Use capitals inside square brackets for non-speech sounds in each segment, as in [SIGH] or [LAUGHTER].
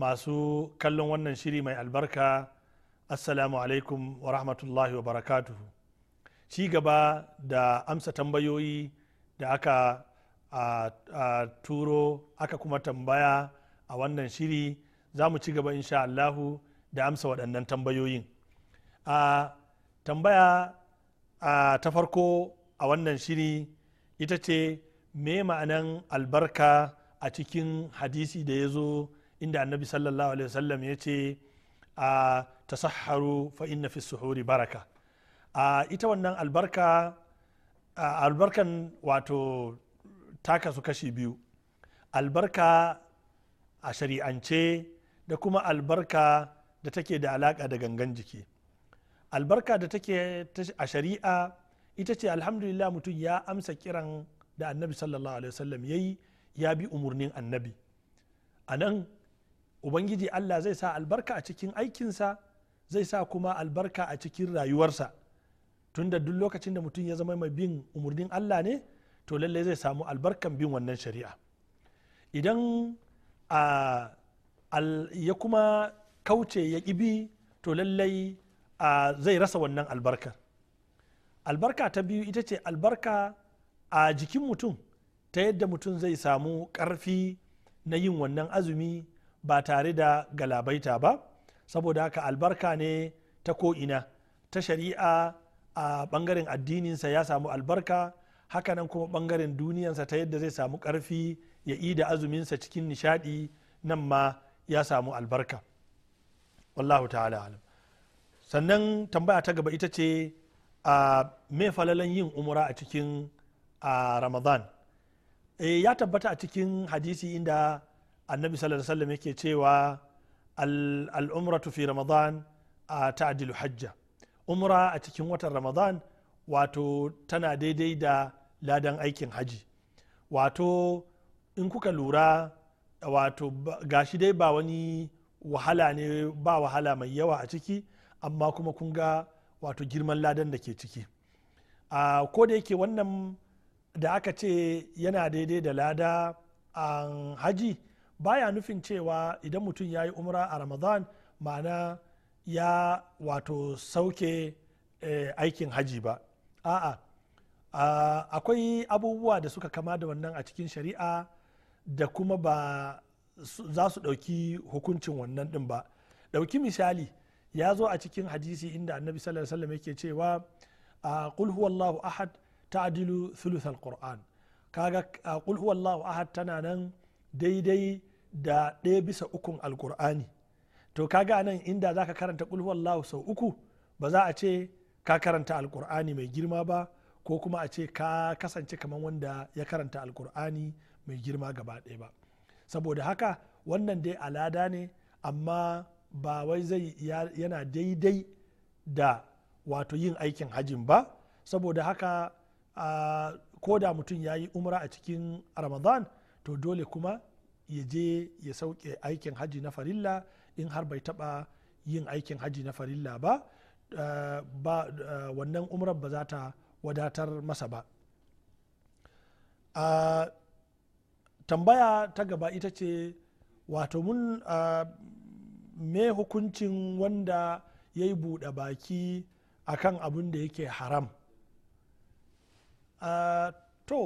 masu kallon wannan shiri mai albarka assalamu alaikum wa rahmatullahi wa barakatuhu ci gaba da amsa tambayoyi da aka a, a turo aka kuma tambaya a wannan shiri za mu ci gaba insha Allahu da amsa waɗannan tambayoyin a tambaya a, ta farko a wannan shiri ita ce me ma'anan albarka a cikin hadisi da ya zo inda annabi sallallahu alaihi wasallam ya ce a tasaharu fa inna fi suhuri baraka a ita wannan albarka albarkan wato ta kasu kashi biyu albarka a shari'ance da kuma albarka da take da alaka da gangan jiki albarka da take a shari'a ita ce alhamdulillah mutum ya amsa kiran da annabi sallallahu alaihi wasallam ya yi ya bi umarnin annabi a nan ubangiji allah zai sa albarka a cikin aikinsa zai sa kuma albarka a cikin rayuwarsa tunda duk lokacin da mutum ya zama mai bin umarnin allah ne to lallai zai samu albarkan bin wannan shari'a idan ya kuma kauce ya bi to lallai zai rasa wannan albarkar albarka ta biyu ita ce albarka a jikin mutum ta yadda mutum zai samu ƙarfi na yin wannan azumi ba tare da galabaita ba saboda haka albarka ne ta ko'ina ta shari'a a bangaren addininsa ya samu albarka hakanan kuma bangaren duniyansa ta yadda zai samu ƙarfi ya ida azuminsa cikin nishadi nan ma ya samu albarka wallahu ta'ala alam sannan tambaya ta gaba ita ce a me falalan yin umra a cikin a ramadan e, ya tabbata a cikin hadisi inda annabi sallallahu alaihi wasallam yake cewa al'umratu fi ramadan a ta'dilu hajja umra a cikin watan ramadan wato tana daidai da ladan aikin haji wato in kuka lura wato gashi dai ba wani wahala ne ba wahala mai yawa a ciki amma kuma kun ga wato girman ladan da ke ciki a ko da yake wannan da aka ce yana daidai da lada an haji baya nufin cewa idan mutum ya yi umra a ramadan ma'ana ya wato sauke eh, aikin haji ba a'a akwai abubuwa da suka kama da wannan a cikin shari'a da kuma ba za su ɗauki hukuncin wannan ɗin ba ɗauki misali ya zo a cikin hadisi inda annabi sallallahu alaihi wasallam yake cewa qul huwallahu ahad ta'dilu thuluthal qur'an kaga qul huwallahu ahad tana nan daidai da ɗaya bisa ukun alkur'ani to kaga nan inda za ka karanta kulhuwallahu sau uku ba za a ce ka karanta alkur'ani mai girma ba ko kuma a ce ka kasance kamar wanda ya karanta alkur'ani mai girma gaba ɗaya ba saboda haka wannan dai alada ne amma ba wai zai yana daidai da wato yin aikin hajin ba saboda haka ah, ko da mutum ya yi umra a cikin ramadan to dole kuma ya je ya sauke aikin haji na farilla in har bai taba yin aikin haji na farilla ba eh, eh, wannan umrar ba za ta wadatar masa ba tambaya ta gaba ita ce wato mun me hukuncin wanda ya yi buɗe baki akan abin da yake haram to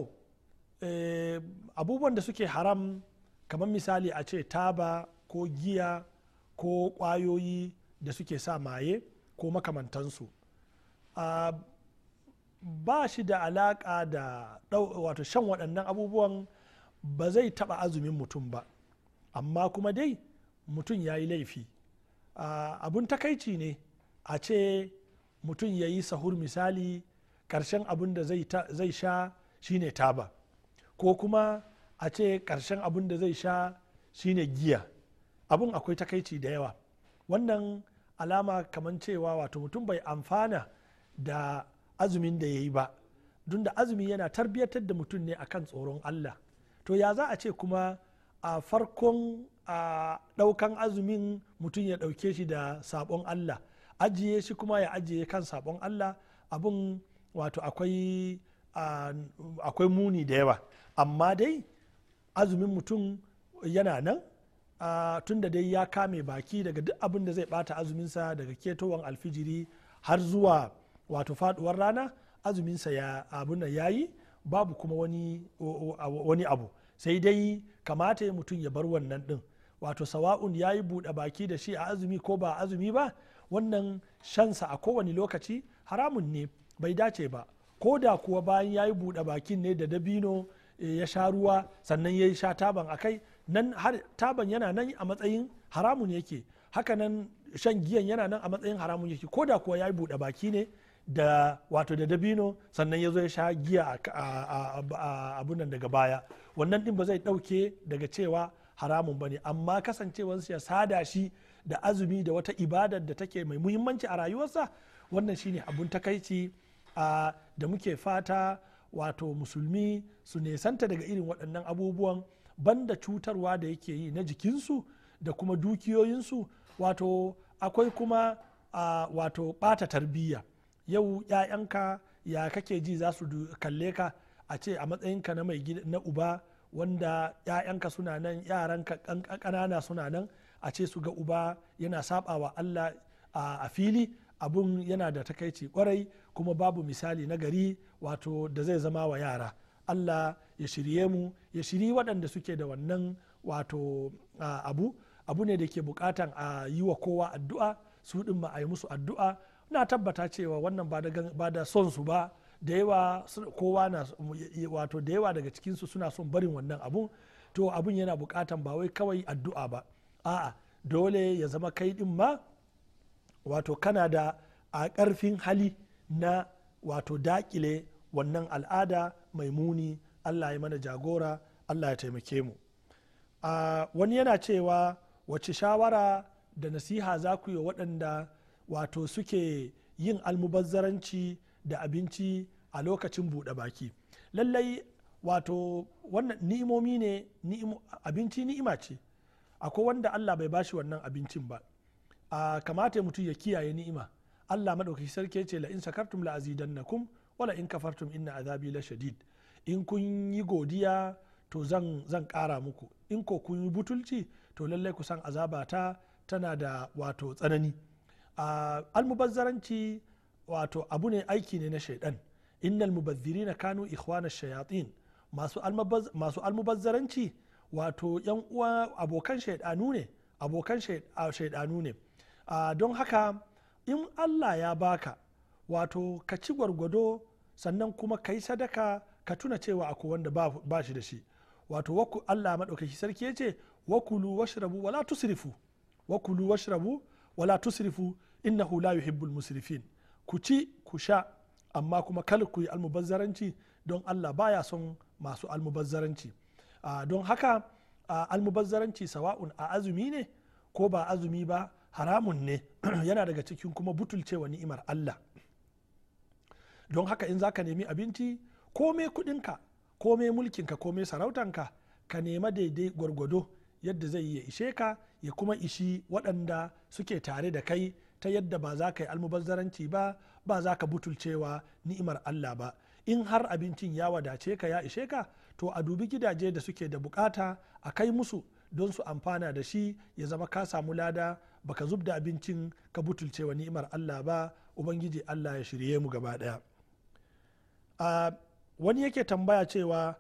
Eh, abubuwan da suke haram kamar misali a ce taba ko giya ko kwayoyi da suke sa maye ko makamantansu ah, ba shi da alaka da wato shan waɗannan abubuwan ba zai taɓa azumin mutum ba amma kuma dai mutum ya yi laifi ah, abun takaici ne a ce mutum ya yi sahur misali ƙarshen abun da zai sha shine taba ko kuma a ce ƙarshen abin da zai sha shine giya abin akwai takaici da yawa wannan alama kamar cewa wato mutum bai amfana da azumin da ya yi ba don da azumi yana tarbiyyatar da mutum ne akan tsoron allah to ya za a ce kuma a farkon a ɗaukan azumin mutum ya ɗauke shi da sabon allah ajiye shi kuma ya ajiye kan sabon allah abin wato akwai muni da yawa amma dai azumin mutum yana nan tun da dai ya kame baki daga duk abin da zai bata azuminsa daga ketowar alfijiri har zuwa wato faduwar rana azuminsa ya abin ya yi babu kuma wani, abu sai dai kamata ya mutum ya bar wannan din wato sawa'un ya yi buɗe baki da shi a azumi ko ba azumi ba wannan shansa a kowane lokaci haramun ne bai dace ba ko da kuwa bayan ya yi buɗe bakin ne da dabino Eh, ya sha ruwa sannan ya sha taban a kai nan har taban yana nan a matsayin haramun yake haka nan shan giyan yana nan a matsayin haramun yake ko da kuwa ya yi buɗe baki ne da wato da dabino sannan ya zo ya sha giya a abun nan daga baya wannan din ba zai ɗauke daga cewa haramun ba ne amma kasancewar ya sada shi da azumi da wata ibadar da take mai muhimmanci a rayuwarsa wannan shine abun takaici da muke fata wato musulmi su nesanta daga irin waɗannan abubuwan banda cutarwa da yake yi na jikinsu da kuma dukiyoyinsu wato akwai kuma a wato ɓata tarbiyya yau 'ya'yanka ya kake ji za su kalle ka a ce a matsayinka na mai na uba wanda 'ya'yanka suna nan yaranka ƙanana suna nan a ce su ga uba yana saɓawa allah a fili abun yana da takaici kwarai kuma babu misali na gari wato da zai zama wa yara allah ya shirye mu ya shiri waɗanda suke da wannan wato abu abu ne da ke bukatan a yi wa kowa addu'a su ɗin ma a yi musu addu'a na tabbata cewa wannan ba da son su ba da yawa kowa na wato da yawa daga cikinsu suna son barin wannan abun to abun yana bukatan ba wai kawai addu'a ba a'a dole ya zama kai ɗin ma wato kana da a ƙarfin hali na wato dakile wannan al'ada mai muni allah ya mana jagora allah ya taimake mu a wani yana cewa wace shawara da nasiha za ku yi waɗanda wato suke yin almubazzaranci da abinci a lokacin buɗe baki lallai wato wannan ni'imomi ne abinci ni'ima ce akwai wanda allah bai bashi wannan abincin ba a kamata mutum ya kiyaye ni'ima Allah maɗaukaki sarki ce la in la'azi la azidannakum wala in kafartum inna azabi la shadid in kun yi godiya to zan zan kara muku in ko kun yi butulci to lallai ku san azabata tana da wato tsanani almubazzaranci wato abu ne aiki ne na shaidan innal mubazzirina kanu ikhwana shayatin masu almubazzaranci wato yan uwa abokan shaidanu ne abokan shaidanu ne don haka in allah ya baka wato ka ci gwargwado sannan kuma ka yi sadaka ka tuna cewa a wanda ba shi da shi wato waku allah maɗaukaki sarki ya ce wakulu washrabu wala tusrifu wakulu washrabu wala tusrifu innahu la yuhibbul musrifin ku ci ku sha amma kuma kal ku yi almubazzaranci don allah baya son masu almubazzaranci don haka almubazzaranci sawa'un a azumi ne ko ba azumi ba haramun ne [CLEARS THROAT] yana daga cikin kuma butulcewa ni'imar Allah don haka in zaka nemi abinci komai kudinka komai mulkinka komai sarautanka ka nema daidai gwargwado yadda zai yi ya ishe ka ya kuma ishi waɗanda suke tare da kai ta yadda ba za ka yi almubazzaranci ba ba za ka butulcewa ni'imar Allah ba in har abincin ya wadace ka ya ishe ka to a dubi gidaje da suke da bukata a kai musu don su amfana da shi ya zama ka samu lada baka zub da abincin ka butulce wa ni'imar Allah ba ubangiji Allah ya shirye mu gaba daya a wani yake tambaya cewa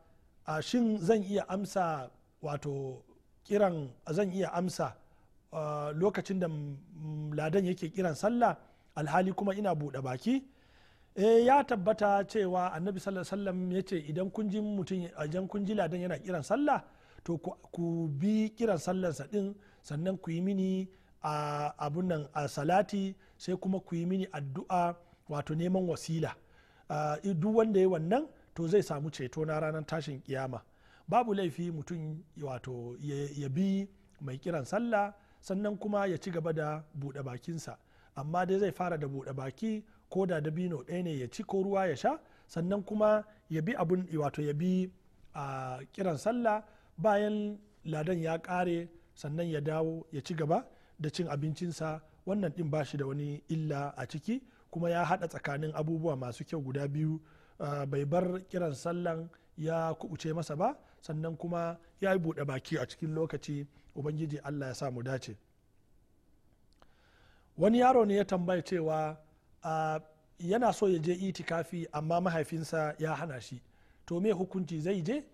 a shin zan iya amsa wato kiran zan iya amsa lokacin da ladan yake kiran sallah alhali kuma ina buɗe baki e, ya tabbata cewa annabi sallallahu alaihi wasallam ya idan kun ji mutum idan kun ji ladan yana kiran sallah to ku bi kiran sallarsa din sannan ku yi mini a abun nan a salati sai kuma ku yi mini addu'a wato neman wasila duk wanda ya wannan to zai samu ceto na ranar tashin kiyama babu laifi mutum wato ya bi mai kiran sallah sannan kuma ya ci gaba da buɗe bakinsa amma dai zai fara da buɗe baki ko da dabino ɗaya ne ya ci ko ruwa ya sha sannan kuma ya bi abun wato ya bi a kiran sallah bayan ladan ya ƙare sannan ya dawo ya ci gaba da cin abincinsa wannan din ba shi da wani illa a ciki kuma ya hada tsakanin abubuwa masu kyau guda biyu ah, bai bar kiran sallan ya kuɓuce masa ba sannan kuma ya yi buɗe baki a cikin lokaci ubangiji allah ya sa mu dace wani yaro ne ya tambaye cewa ah, yana so ya je itikafi amma mahaifinsa ya hana shi to me hukunci zai je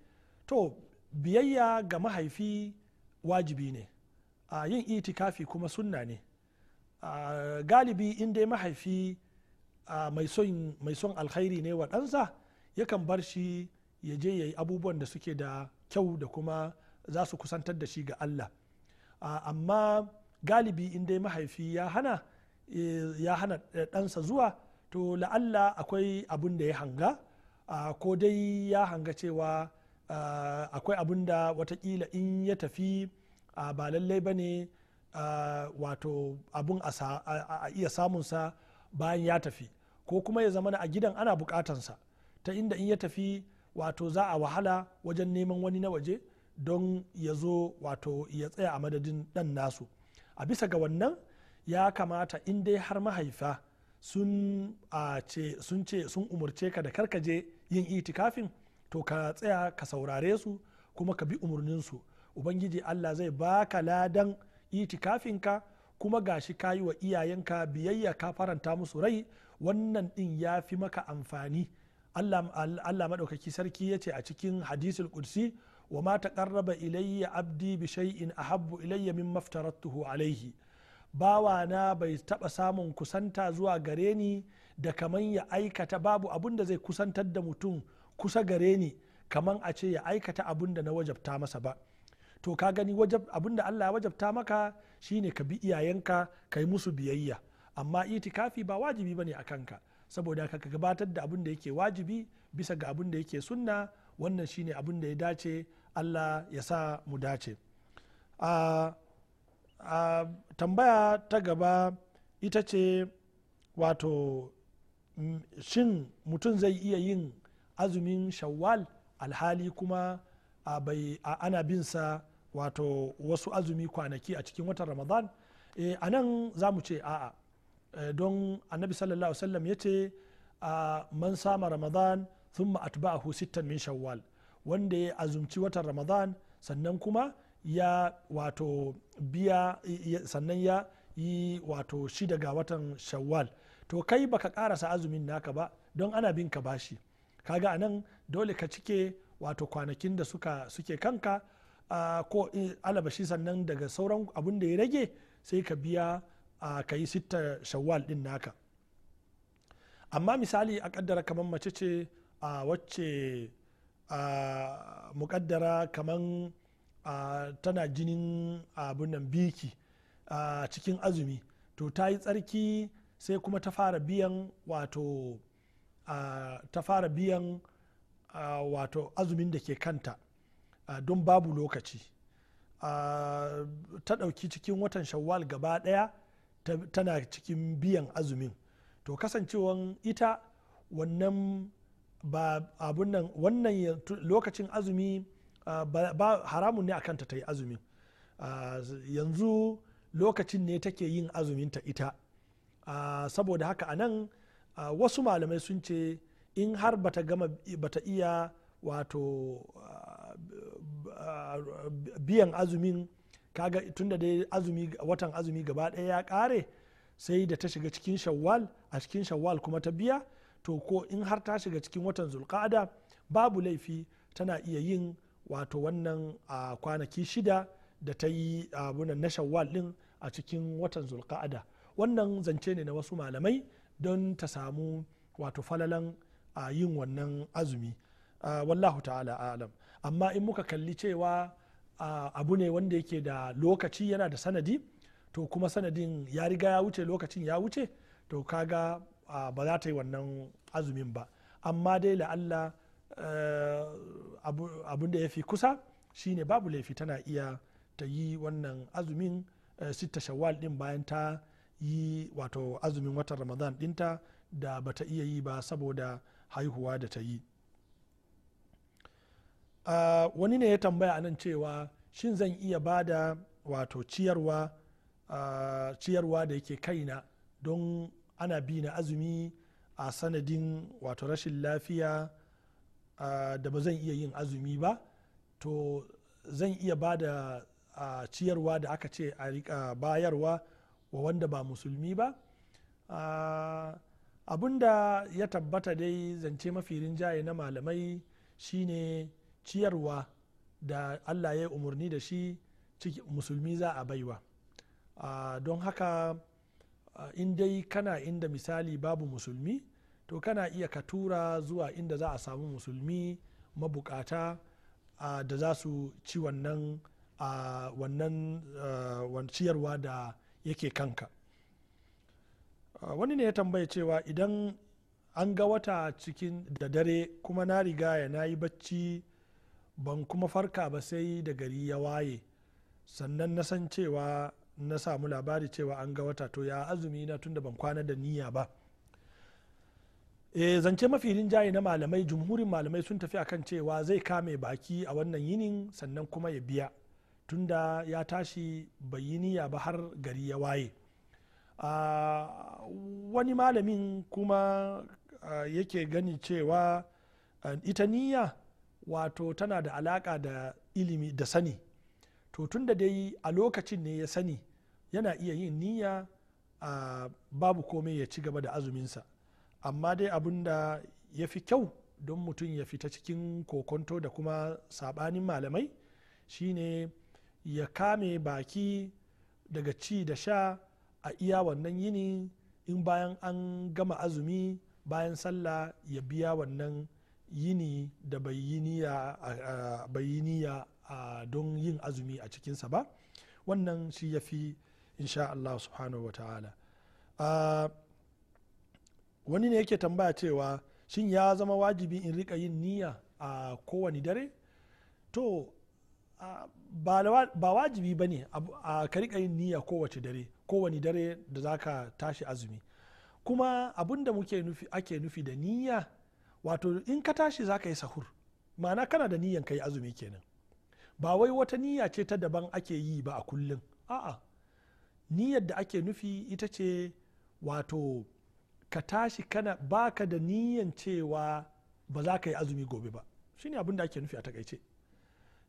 to biyayya ga mahaifi wajibi ne a yin itikafi kuma sunna ne a galibi in dai mahaifi mai son alkhairi ne wa ɗansa yakan bar shi ya je ya yi abubuwan da suke da kyau da kuma za su kusantar da shi ga allah amma galibi in dai mahaifi ya hana e, ya hana e, ɗansa zuwa to la'alla akwai abin da ya hanga ko dai ya hanga cewa akwai abin da watakila in ya tafi ba lallai ba ne wato abun a iya samunsa bayan ya tafi ko kuma ya zama a gidan ana bukatansa ta inda in ya tafi wato za a wahala wajen neman wani na waje don ya zo wato ya tsaya a madadin dan nasu a bisa ga wannan ya kamata in dai har mahaifa sun ce sun umarce ka da karkaje yin itikafin to ka tsaya ka saurare su kuma ka bi umarninsu ubangiji allah zai baka ladan itikafin ka kuma gashi ka yi wa iyayenka biyayya ka faranta musu rai wannan din ya fi maka amfani allah maɗaukaki sarki ya ce a cikin hadisul qudsi wa ma ƙarraba ilayya abdi bi shay'in ahabbu ilayya min maftaratuhu alayhi bawana bai taɓa samun kusanta zuwa gare ni da kaman ya aikata babu abun da zai kusantar da mutum kusa gare ni kaman a ce ya aikata abun da na wajabta masa ba to ka gani abinda allah ya wajabta maka shine ka bi iyayenka ka yi musu biyayya amma itikafi ba wajibi ba ne a kanka saboda ka gabatar da abin da yake wajibi bisa ga abin da yake sunna wannan shine abin da ya dace allah ya sa mu dace a tambaya ta gaba ita ce wato mm, shin mutum zai iya yin azumin shawwal alhali kuma a bai ana binsa wato wasu azumi kwanaki a cikin watan ramadan eh, a nan za mu ce a'a a eh, don annabi sallallahu alaihi wasallam ya ce a man sama ramadan thumma atba'ahu sittan min shawwal wanda ya azumci watan ramadan sannan kuma ya wato biya sannan ya yi wato shida ga watan shawwal to kai baka karasa azumin naka ba don ana bin ka bashi kaga anan dole ka cike wato kwanakin da suke kanka ko alabashi sannan daga sauran abun da ya rage sai ka biya ka yi sitta shawwal din naka amma misali a kaddara kamar mace ce a wacce mukaddara kamar tana jinin abin nan biki cikin azumi to ta yi tsarki sai kuma ta fara biyan wato ta fara biyan wato azumin da ke kanta don babu lokaci ta ɗauki cikin watan shawwal gaba ɗaya tana cikin biyan azumin to kasancewan ita wannan ba abun nan wannan lokacin azumi ba haramun ne akan ta yi azumi yanzu lokacin ne take yin azumin ta ita saboda haka a nan wasu malamai sun ce in har bata gama bata iya wato biyan azumin kaga tunda dai azumi watan azumi gaba ɗaya ya ƙare sai da ta shiga cikin shawwal a cikin shawwal kuma ta biya to ko in har ta shiga cikin watan zulqa'ada babu laifi tana iya yin wato wannan a kwanaki shida da ta yi abunan na shawwal din a cikin watan zulqa'ada wannan zance ne na wasu malamai don ta samu wato falalan yin wannan azumi wallahu ta'ala alam amma in muka kalli cewa abu ne wanda yake da lokaci yana da sanadi to kuma sanadin ya riga ya wuce lokacin ya wuce to kaga ba za ta yi wannan azumin ba amma dai la'alla e, abun da ya fi kusa shine babu laifi tana iya ta yi wannan azumin e, sita shawwal din bayan ta yi wato azumin watan ramadan dinta da bata iya yi ba saboda haihuwa da ta yi Ah, wani ne ya tambaya anan cewa shin zan iya ba da wato ciyarwa ah, ciyarwa da yake kaina don ana bi na azumi a sanadin wato rashin lafiya ah, da ba zan iya yin azumi ba to zan iya ba da ciyarwa da aka ce a rika bayarwa wa wanda ba musulmi ba abinda ya tabbata dai zance mafi rinjaye na malamai shine ciyarwa da allah ya yi umarni da shi musulmi za a baiwa don haka in dai kana inda misali babu musulmi to kana iya ka tura zuwa inda za a samu musulmi mabukata da za su ci wannan wannan ciyarwa da yake kanka wani ne ya tambaye cewa idan an ga wata cikin da dare kuma na riga ya na yi bacci ban kuma farka ba sai da gari ya waye sannan na san cewa na samu labari cewa an ga wata to ya azumi na tunda ban kwana da niyya ba e zance mafi rinjaye na malamai jumhurin malamai sun tafi akan cewa zai kame baki a wannan yinin sannan kuma ya biya tunda ya tashi bai yi niyya ba har gari ya waye A ah, wani malamin kuma ah, yake gani cewa ah, ita niyya wato tana da alaka da ilimi da sani to tun da dai a lokacin ne ya sani yana iya yin niyya a babu komai ya ci gaba da azuminsa amma dai abin da ya fi kyau don mutum ya fita cikin kokonto da kuma sabanin malamai shine ya kame baki daga ci da sha a iya wannan yini in bayan an gama azumi bayan sallah ya biya wannan yini da bai yi niyya don yin azumi a cikinsa ba wannan shi ya fi sha Allah subhanahu wa ta'ala wani ne yake tambaya cewa shin ya zama wajibi in rika yin niyya a kowane dare to ba wajibi ba ne ka rika yin niyya kowace dare kowane dare da za ka tashi azumi kuma abin da ake nufi da niyya wato in ka tashi za ka yi sahur Mana kana da niyyan ka yi azumi kenan ba wai wata niyya ce ta daban ake yi ba a kullum a'a niyyar da ake nufi ita ce wato ka tashi kana baka da niyyan cewa ba za ka yi azumi gobe ba shine abin da ake nufi a takaice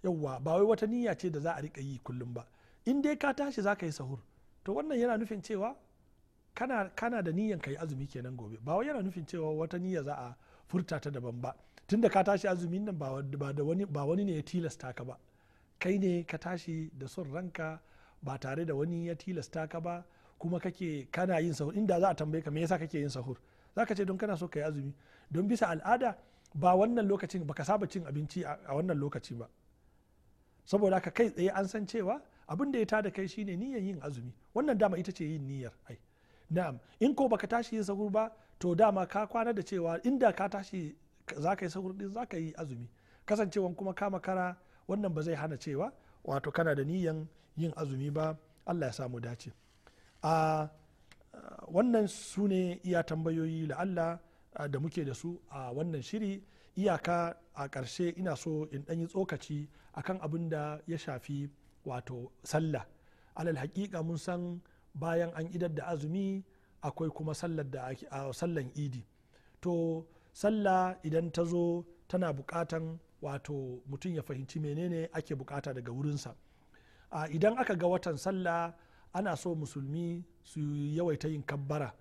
yauwa ba wai wata niyya ce da za a rika yi kullum ba in dai ka tashi za ka yi sahur to wannan yana nufin cewa kana, da niyyan ka yi azumi kenan gobe ba wai yana nufin cewa wata niyya za a furta ta daban ba tunda ka tashi azumin nan ba wani ne ya tilasta ka ba kai ne ka tashi da son ranka ba tare da wani ya tilasta ka ba kuma kake kana yin sahur inda za a tambaye ka me yasa kake yin sahur Za ka ce don kana so ka yi azumi don bisa al'ada ba wannan lokacin baka saba cin abinci a wannan lokaci ba saboda ka kai tsaye an san cewa abin da ya tada kai shine niyyar yin azumi wannan dama ita ce yin niyyar ai na'am in ko baka tashi yin sahur ba to dama ka kwana da cewa inda ka tashi za ka yi sahur din za ka yi azumi kasancewan kuma ka makara wannan ba zai hana cewa wato kana da niyan yin azumi ba allah ya samu dace a wannan su ne iya tambayoyi la Allah da muke da su a wannan shiri iyaka a ƙarshe ina so in yi tsokaci akan abin da ya shafi wato sallah alal haƙiƙa mun san bayan an idar da azumi akwai kuma sallar da a sallan idi to salla idan ta zo tana bukatan wato mutum ya fahimci menene ake bukata daga wurinsa a idan aka ga watan salla ana so musulmi su yawaita yin kabbara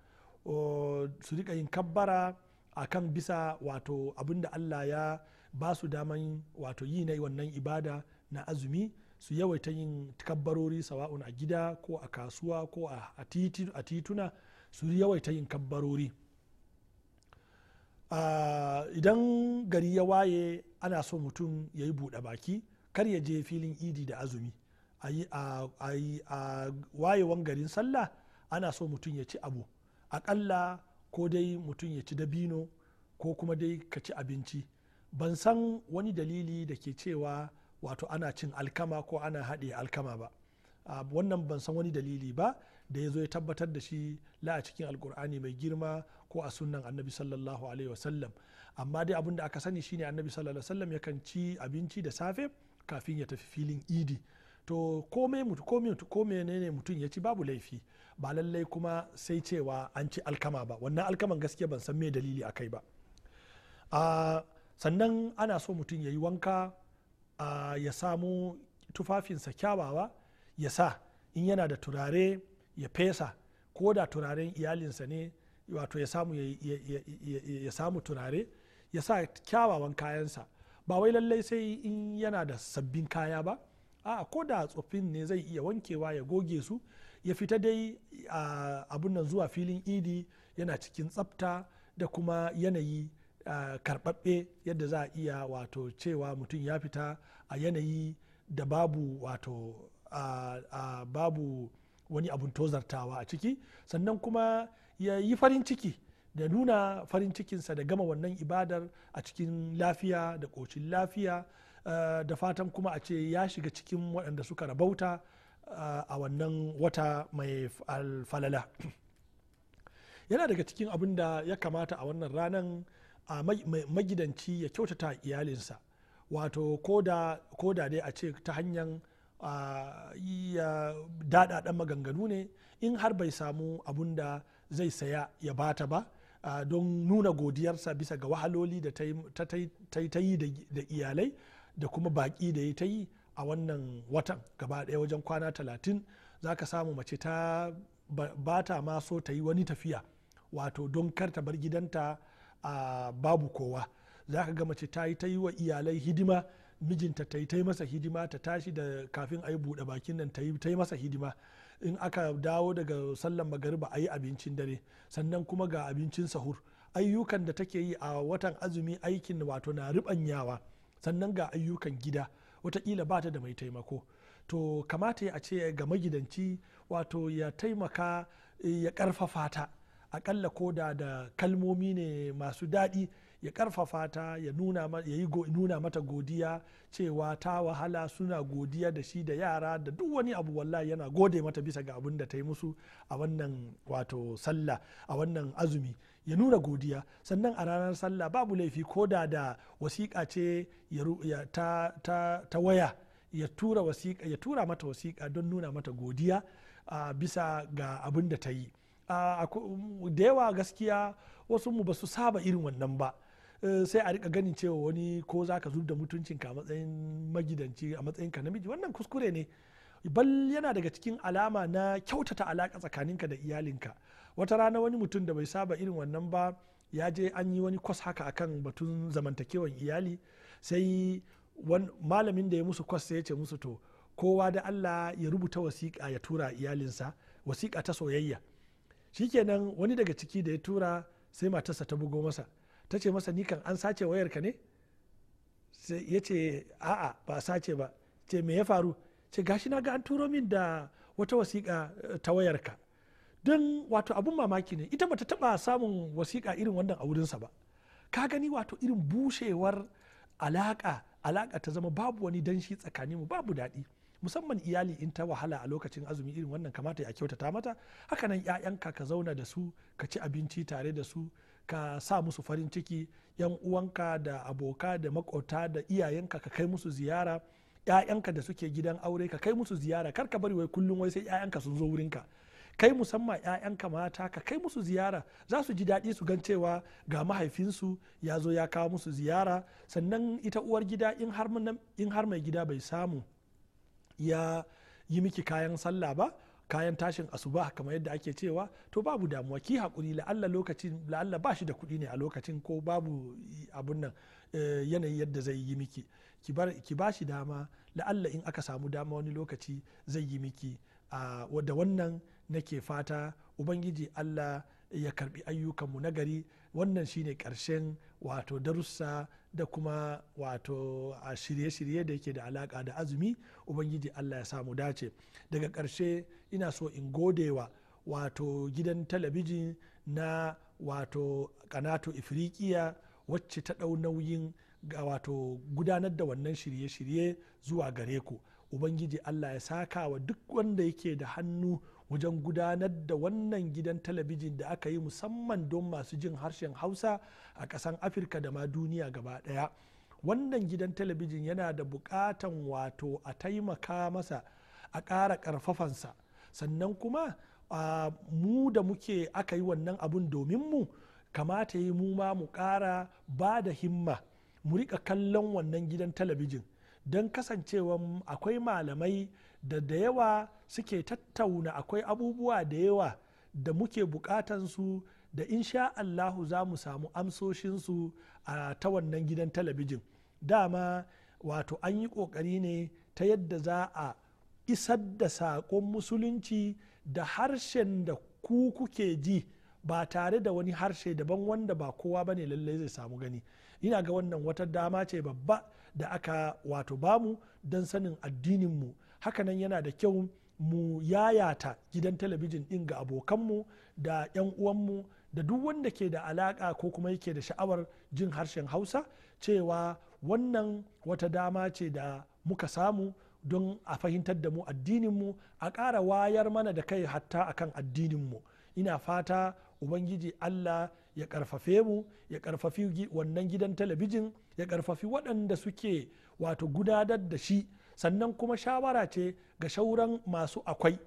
su rika yin kabbara a kan bisa wato abinda allah ya ba su daman wato yi na wannan ibada na azumi su yawaita yin kabbarori sawa'un a gida ko a kasuwa ko a tituna su yawaita yin kabbarori ah, idan gari ya waye ana so mutum ya yi buɗe baki kar ya je filin idi da azumi a wayewan garin sallah ana so mutum ya ci abu aƙalla ko dai mutum ya ci dabino ko kuma dai ka ci abinci ban san wani dalili da ke cewa wato ana cin alkama ko ana haɗe alkama ba ah, wannan ban san wani dalili ba da ya zo ya tabbatar da shi la a cikin alkur'ani mai girma ko a sunnan annabi sallallahu alaihi wasallam amma dai abin da aka sani shine annabi sallallahu alaihi wasallam yakan ci abinci da safe kafin ya tafi filin idi to komai mutu komai mutu komai ne mutum ya ci babu laifi ba lallai kuma sai cewa an ci alkama ba wannan alkaman gaskiya ban san me dalili akai ba sannan ana so mutum ya yi wanka ya samu tufafinsa kyawawa ya sa in yana da turare ya fesa ko da turaren iyalinsa ne wato ya samu ya samu turare ya sa kyawawan kayansa ba wai lallai sai in yana da sabbin kaya ba a ko da tsoffin ne zai iya wankewa ya goge su ya fita dai abun nan zuwa filin idi yana cikin tsafta da kuma yanayi karbabbe yadda za a iya wato cewa mutum ya fita a yanayi da babu wato a babu wani abun tozartawa a ciki sannan kuma ya yi farin ciki da nuna farin cikinsa da gama wannan ibadar a cikin lafiya da ƙocin lafiya eh, da fatan kuma a ce ya shiga cikin waɗanda suka rabauta eh, a wannan wata mai alfalala [CLEARS THROAT] yana daga cikin abin da ya kamata a wannan ranar a magidanci ya kyautata iyalinsa wato ko da dai a ce ta hanyar daɗaɗa maganganu ne in har bai samu abun da zai saya ya bata ba don nuna godiyarsa bisa ga wahaloli da ta yi da iyalai da kuma baƙi da ya ta yi a wannan watan gaba ɗaya wajen kwana talatin za ka samu mace ta ba ta ma so ta yi wani tafiya wato don kar ta bar gidanta a babu kowa za ka ga mace ta yi ta yi wa iyalai hidima mijinta ta yi ta masa hidima ta tashi da kafin a yi buɗe bakin nan ta yi ta masa hidima in aka dawo daga sallan magariba a yi abincin dare sannan kuma ga abincin sahur ayyukan da take yi a watan azumi aikin wato na ribanyawa sannan ga ayyukan gida watakila ba ta da mai taimako to kamata ya ce ga magidanci wato ya taimaka eh, ya karfafa ta akalla koda da da kalmomi ne masu daɗi ya karfafa ta ya nuna mata godiya cewa ta wahala suna godiya da shi da yara da duk wani abu wallahi yana gode mata bisa ga abin da ta yi musu a wannan wato sallah a wannan azumi ya nuna godiya sannan a ranar sallah babu laifi ko da da wasiƙa ce ta, waya ya tura, wasiƙa, ya tura mata wasiƙa don nuna mata godiya a bisa ga abin da ta yi da yawa gaskiya wasu mu ba su saba irin wannan ba Eh, sai a rika ganin cewa wani ko za ka da mutuncinka a matsayin magidanci a matsayin ka namiji wannan kuskure ne bal yana daga cikin alama na kyautata alaka tsakaninka da iyalinka wata rana wani mutum da bai saba irin wannan ba ya je an yi wani kwas haka akan batun zamantakewan iyali sai malamin da ya musu kwas sai ya ce musu to kowa da allah ya rubuta wasiƙa ya tura iyalinsa wasiƙa ta soyayya shikenan wani daga ciki da ya tura sai matarsa ta bugo masa ta ce masa nikan an sace wayarka ne ya ce a'a ba a sace ba ce me ya faru ce gashi na ga an turo min da wata wasiƙa eh, ta wayarka don wato abun mamaki ne ita bata taba samun wasiƙa irin wannan a wurinsa ba ka gani wato irin bushewar alaƙa alaƙa ta zama babu wani danshi tsakaninmu babu daɗi musamman iyali in ta wahala a lokacin azumi irin wannan kamata ya kyautata mata hakanan 'ya'yanka ka zauna da su ka ci abinci tare da su ka sa musu farin ciki yan uwanka da aboka da makota da iyayenka ka kai musu ziyara ‘ya'yanka da suke gidan aure ka kai musu ziyara kar ka bari wai kullum wai sai ‘ya'yanka sun zo wurinka kai musamman ‘ya'yanka mata ka kai musu ziyara za su ji daɗi su gan cewa ga mahaifinsu ya zo ya kawo musu ziyara sannan ita uwar gida in har mai gida bai samu ya yi miki kayan sallah ba kayan tashin asuba kamar yadda ake cewa to babu damuwa ki hakuri la'alla lokacin la'alla ba shi da kuɗi ne a lokacin ko babu abun nan eh, yanayi yadda zai yi miki ki ba shi dama la'alla in aka samu dama wani lokaci zai yi miki a ah, da wannan nake fata ubangiji allah ya karbi ayyukanmu na gari wannan shine karshen wato darussa da kuma wato a shirye-shirye da yake da alaka da azumi ubangiji allah ya samu dace daga karshe ina so in godewa wato gidan talabijin na wato kanato ifirikiya wacce ta ɗau nauyin ga wato gudanar da wannan shirye-shirye zuwa gare ku ubangiji allah ya saka wa duk wanda yake da hannu wajen gudanar da wannan gidan talabijin da aka yi musamman don masu jin harshen hausa a ƙasan afirka da ma duniya gaba ɗaya wannan gidan talabijin yana da buƙatan wato a taimaka masa a ƙara ƙarfafansa sannan kuma a mu da muke aka yi wannan abun domin mu kamata yi mu ma mu ƙara ba da himma mu riƙa kallon wannan gidan talabijin don kasancewa akwai malamai da da yawa suke tattauna akwai abubuwa da yawa da muke bukatansu da insha allahu za mu samu amsoshinsu a ta wannan gidan talabijin dama wato an yi kokari ne ta yadda za a isar da saƙon musulunci da harshen da ku kuke ji ba tare da wani harshe daban wanda ba kowa ba ne lallai zai samu gani ina ga wannan wata dama ce babba da aka wato bamu don sanin addininmu hakanan yana da kyau mu yayata gidan talabijin ɗin ga abokanmu da 'yan uwanmu da duk wanda ke da alaƙa ko kuma yake da sha'awar jin harshen hausa cewa wannan wata dama ce da muka samu don a fahimtar da mu addininmu a ƙara wayar mana da kai hatta a akan addininmu ina fata ubangiji allah ya ƙarfafe mu ya ƙarfafi wannan gidan talabijin ya ƙarfafi waɗanda suke wato gudanar da shi sannan kuma shawara ce ga shauran masu akwai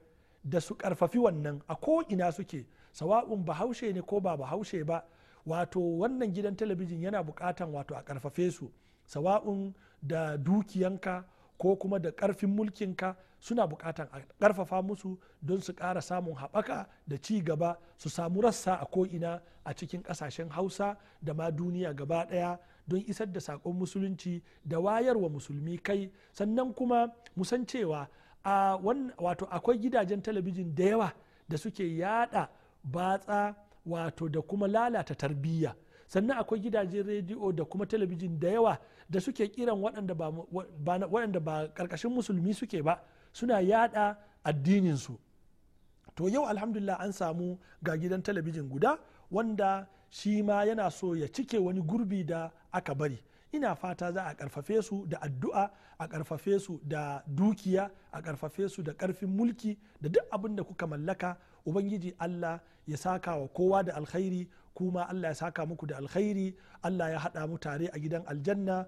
da su karfafi wannan a ko ina suke sawa'un bahaushe ne ko ba bahaushe ba wato wannan gidan talabijin yana bukatan wato a karfafe su sawa'un da dukiyanka ko kuma da karfin mulkinka suna bukatan a karfafa musu don su kara samun haɓaka da ci gaba su samu rassa a ko'ina a cikin ƙasashen hausa da ma duniya gaba ɗaya don isar da sakon musulunci da wayar wa musulmi kai sannan kuma musan cewa a wato akwai gidajen talabijin da yawa da suke yada batsa wato da kuma lalata tarbiyya sannan akwai gidajen rediyo da kuma talabijin da yawa da suke kiran waɗanda ba ƙarƙashin musulmi suke ba suna yada addininsu to yau alhamdulillah an samu ga gidan talabijin guda wanda shi ma yana so ya cike wani gurbi da aka bari ina fata za a karfafe su da addu'a a karfafe su da dukiya a karfafe su da karfin mulki da duk abin da kuka mallaka ubangiji allah ya saka wa kowa da alkhairi kuma allah ya saka muku da alkhairi allah ya haɗa mu tare a gidan aljanna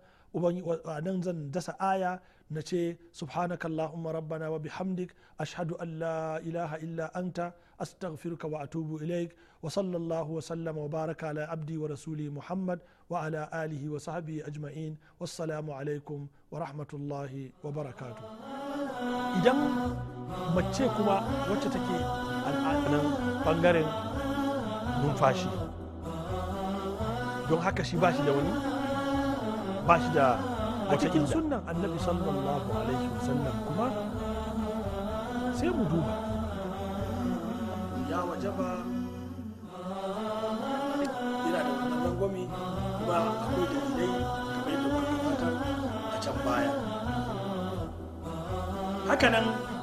nan zan dasa aya na ce subhanakallahumma rabbana wa bihamdik ashhadu an la ilaha illa anta astaghfiruka wa atubu ilaik wa sallallahu wa sallama wa baraka ala muhammad alihi wa sahbihi ajma'in wassalamu idan mace kuma wacce take al'adunan bangaren numfashi don haka shi ba shi da wani ba shi da a cikin sunan annabi sallallahu alaihi kuma sai mu duba ya waje ba yana da wannan rangwame kuma akwai kamar yadda a can baya hakanan